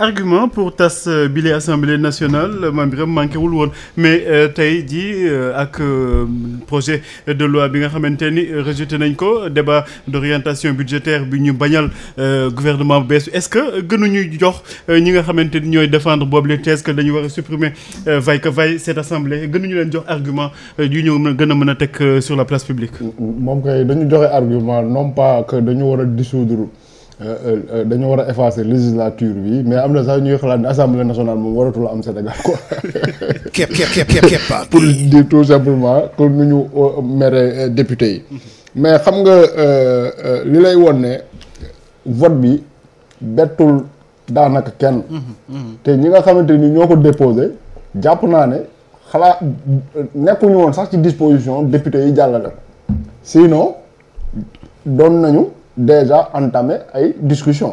argument pour tas euh, bile assemblée nationale man biram manquéwul mais euh, tay di euh, ak projet de loi bi nga xamanteni rejeté nañ ko débat d'orientation budgétaire bi ñu bañal gouvernement bu est-ce que ñu jox ñi nga xamanteni ñoy défendre boobu le que dañu wara supprimer vay que vay cette assemblée ñu leen jox argument yu ñu gëna mëna tek sur la place publique mom kay dañu joxe argument non pas que dañu wara dissoudre euh, euh, euh, dañu war a effacer législature bi mais am na ñuy ne assemblée nationale am pour tout simplement comme nu ñu député mais xam nga li lay ne vote bi bettul daanaka kenn. te ñi nga xamante ni ñoo ko déposé jàpp ne xalaat nekkuñu sax disposition député yi sinon doon nañu déjà entamé ay discussion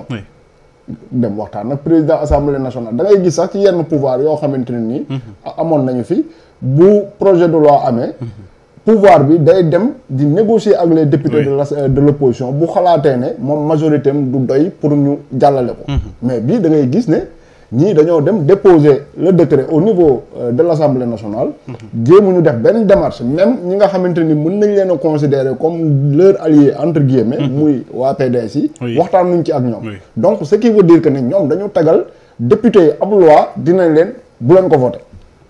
dem waxtaan le président assemblée nationale da ngay gis sax ci yenn pouvoir yoo xamante ne nii. Mhm. amoon nañu fi bu projet de loi amee. Mhm. pouvoir bi day dem di négocier ak les députés euh, de l'opposition de l' bu xalaatee né mom majorité am du doy pour ñu jallalé ko. Mhm. mais bi da ngay gis né ni dañoo dem déposer le décret au niveau euh, de l'Assemblée Nationale. nationale. Mhm. jéemuñu def ben démarche même ñi nga xamante ni mën nañ leen considérer comme leur allié entre guillemets. Mhm. muy wa PDS yi. waxtaanuñ ci ak ñom donc ce qui veut dire que ñom dañu tagal député ab loi dinañ leen bu ko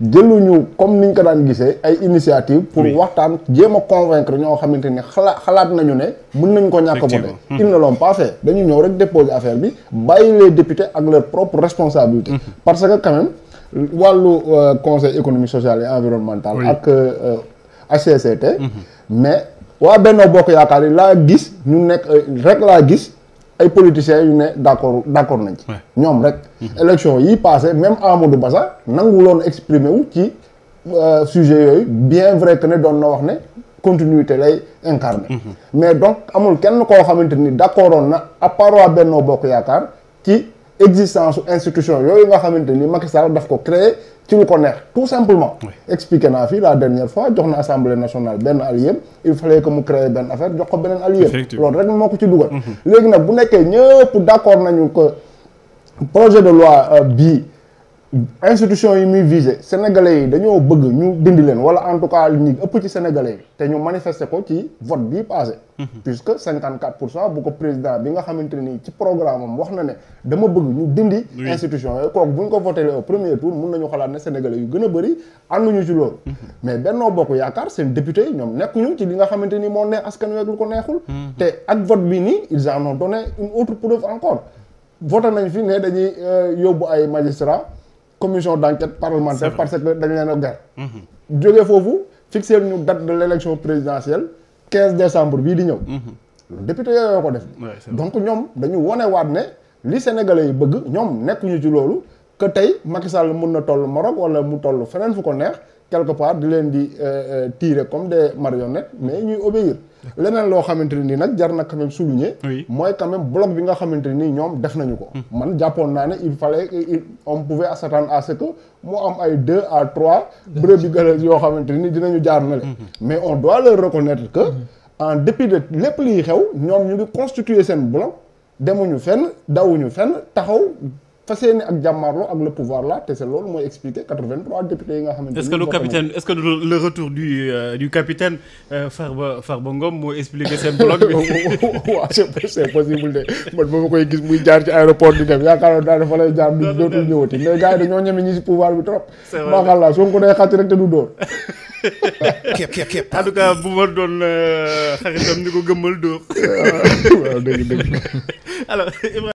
ñu comme ni ñu ko daan gisee ay initiative pour waxtaan jéem a convaincre ñoo xamante ni xala xalaat nañu ne mun nañ ko ñàkk voté hmm. ils ne l'ont pas fait dañu ñëw rek déposer affaire bi bàyyi les députés ak leur propre responsabilité hmm. parce que quand même wàllu euh, conseil économie social et environnemental ak HCCT euh, hmm. mais waa Benno Bokk Yaakaar yi laa gis ñu nekk euh, rek laa gis Les politiciens sont ne d' accord d' accord nañ ci. ñoom rek. Mhm. élection yi passé même Amadou Bassa, nous avons exprimer wu euh, sujet bien vrai que nous avons na wax continuité lay mhm. mais donc amul kenn koo xamante ni d' à part waa Bennoo Bokk Yaakaar existence institution yooyu nga xamanteni Macky Sall daf ko créer ci lu ko neex tout simplement. expliqué na fi la dernière fois jox na assemblée nationale Ben allié il fallait que mu créer Ben affaire jox ko benen allié. lool rek moo ko ci dugal. Mhm. légui nak bu nekké ñëpp d'accord nañu que projet de loi euh, bi institution yi muy viser sénégalais yi dañoo bëgg ñu dindi leen wala en tout cas ñi ëpp ci sénégalais yi te ñu manifester ko ci vote bii passé mhm. puisque cinquante quatre pour cent bu ko président bi nga xamante ni ci programme am wax na ne dama bëgg ñu dindi institution yooyu kooku bu ñu ko voté au premier tour mun nañu xalaat ne sénégalais yu gën a bëri ànduñu ci loolu mhm. mais bennoo bokk yaakaar seen député yi ñoom nekkuñu ci li nga xamante ni moo neex askan weeg lu ko neexul mhm. te ak vote bi nii ils en ont donné une autre preuve encore voté nañ fi ne dañuy euh, yóbbu ay magistrats commission d'enquête parlementaire par cette dernière guerre. Dieu faut vous fixer une date de l'élection présidentielle 15 décembre bii di mhm. député donc nous dañu dit waat les sénégalais yi bëgg que Macky Sall les Maroc quelque part di leen di euh, euh, tiire comme des marionnettes mais ñuy obéir leneen loo xamante ne nii nag jar na quand même souligner mooy quand même bloc bi nga xamante ne nii ñoom def nañu ko hmm. man jàppoon naa ne il fallait on pouvait s'attendre à ce que moo am ay deux à trois brebis galeuses yoo xamante ne nii dinañu jaar na le hmm. mais on doit leur reconnaître que hmm. en dépit de lépp liy xew ñoom ñu ngi constituer seen bloc demuñu fenn dawuñu fenn taxaw fas ak jamarlo ak le pouvoir là té c'est loolu moy expliquer 83 députés nga xamné est-ce que le capitaine est-ce que le retour du euh, du capitaine euh, Farba Farba Ngom moo expliquer sen blog bi. waaw c'est possible de man ba ma koy gis muy jaar ci aéroport di dem yaakaaroon daal dafa lay jaar. dootul dootul ñëwati mais gars yi dañoo ñeme ñi ci pouvoir bi trop. ma vrai macha allah Sonko day xati rek té du door kep kep kep en tout cas bu ma doon euh, xaritam ni ko gëmmal door waaw dëgg dëgg alors.